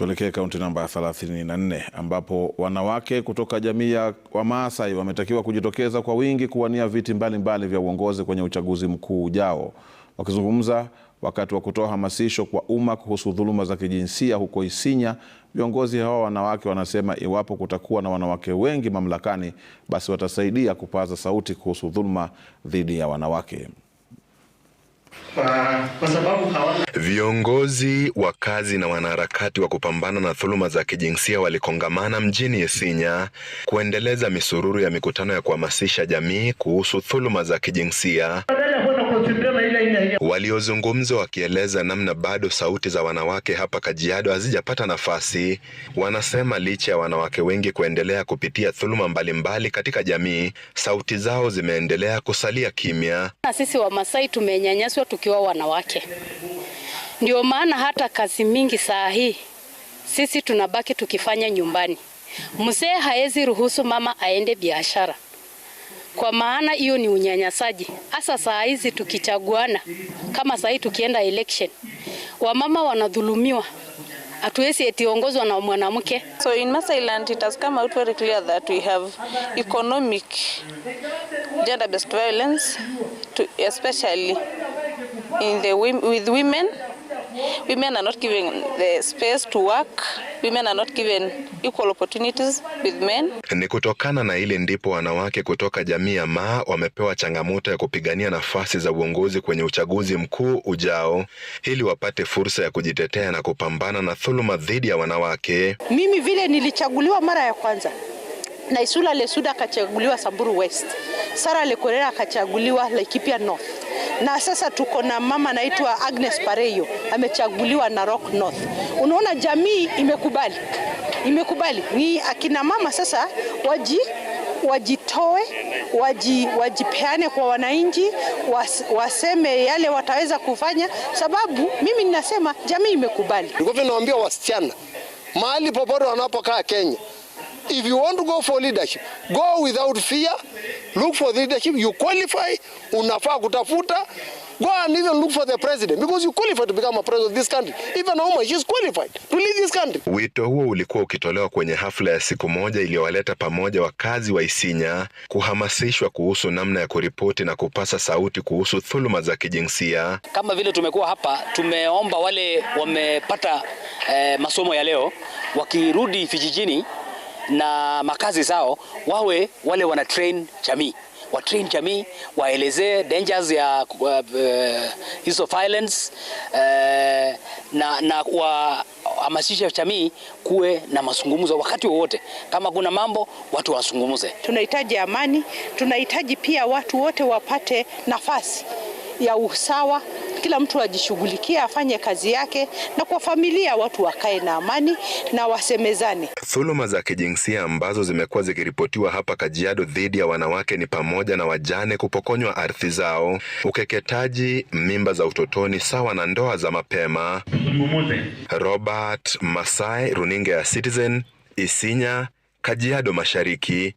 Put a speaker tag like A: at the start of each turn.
A: Tuelekee kaunti namba 34 ambapo wanawake kutoka jamii ya Wamaasai wametakiwa kujitokeza kwa wingi kuwania viti mbalimbali mbali vya uongozi kwenye uchaguzi mkuu ujao. Wakizungumza wakati wa kutoa hamasisho kwa umma kuhusu dhuluma za kijinsia huko Isinya, viongozi hawa wanawake wanasema iwapo kutakuwa na wanawake wengi mamlakani, basi watasaidia kupaza sauti kuhusu dhuluma dhidi ya wanawake.
B: Viongozi wa kazi na wanaharakati wa kupambana na dhuluma za kijinsia walikongamana mjini Isinya kuendeleza misururu ya mikutano ya kuhamasisha jamii kuhusu dhuluma za kijinsia. Waliozungumza wakieleza namna bado sauti za wanawake hapa Kajiado hazijapata nafasi, wanasema licha ya wanawake wengi kuendelea kupitia dhuluma mbalimbali katika jamii, sauti zao zimeendelea kusalia kimya.
C: Na sisi Wamasai tumenyanyaswa tukiwa wanawake, ndio maana hata kazi mingi saa hii sisi tunabaki tukifanya nyumbani. Mzee haezi ruhusu mama aende biashara kwa maana hiyo ni unyanyasaji, hasa saa hizi tukichaguana. Kama saa hii tukienda election, wamama wanadhulumiwa, hatuwezi eti ongozwa na mwanamke.
D: So in Masailand it has come out very clear that we have economic gender based violence to especially in the with women Women are not given the space to work. Women are not given equal opportunities with men.
A: Ni kutokana na ile ndipo wanawake kutoka jamii ya Maa wamepewa changamoto ya kupigania nafasi za uongozi kwenye uchaguzi mkuu ujao ili wapate fursa ya kujitetea na kupambana na thuluma dhidi ya wanawake.
E: Mimi vile nilichaguliwa mara ya kwanza isula Lesuda akachaguliwa Samburu West, Sara Lekorera akachaguliwa Laikipia North na sasa tuko na mama anaitwa Agnes Pareyo amechaguliwa na rock North. Unaona jamii imekubali, imekubali ni akina mama sasa waji wajitoe waji, wajipeane kwa wananchi was, waseme yale wataweza kufanya, sababu mimi ninasema jamii imekubali.
F: hivyo ninawaambia wasichana mahali popote wanapokaa Kenya, if you want to go for leadership go without fear look for the leadership you qualify, unafaa kutafuta go and even look for the president because you qualify to become a president of this country. Even Ouma she is qualified to lead this country.
A: Wito huo ulikuwa ukitolewa kwenye hafla ya siku moja iliyowaleta pamoja wakazi wa Isinya kuhamasishwa kuhusu namna ya kuripoti na kupasa sauti kuhusu dhuluma za kijinsia.
G: Kama vile tumekuwa hapa, tumeomba wale wamepata eh, masomo ya leo wakirudi vijijini na makazi zao, wawe wale wana train jamii wa train jamii waelezee dangers ya eh, hizo uh, uh, violence uh, na, na wahamasishe jamii kuwe na mazungumzo wakati wowote. Kama kuna mambo watu wazungumze.
E: Tunahitaji amani, tunahitaji pia watu wote wapate nafasi ya usawa kila mtu ajishughulikie, afanye kazi yake, na kwa familia watu wakae na amani na wasemezane.
A: Dhuluma za kijinsia ambazo zimekuwa zikiripotiwa hapa Kajiado dhidi ya wanawake ni pamoja na wajane kupokonywa ardhi zao, ukeketaji, mimba za utotoni sawa na ndoa za mapema.
B: Robert Masai, runinga ya Citizen, Isinya, Kajiado Mashariki.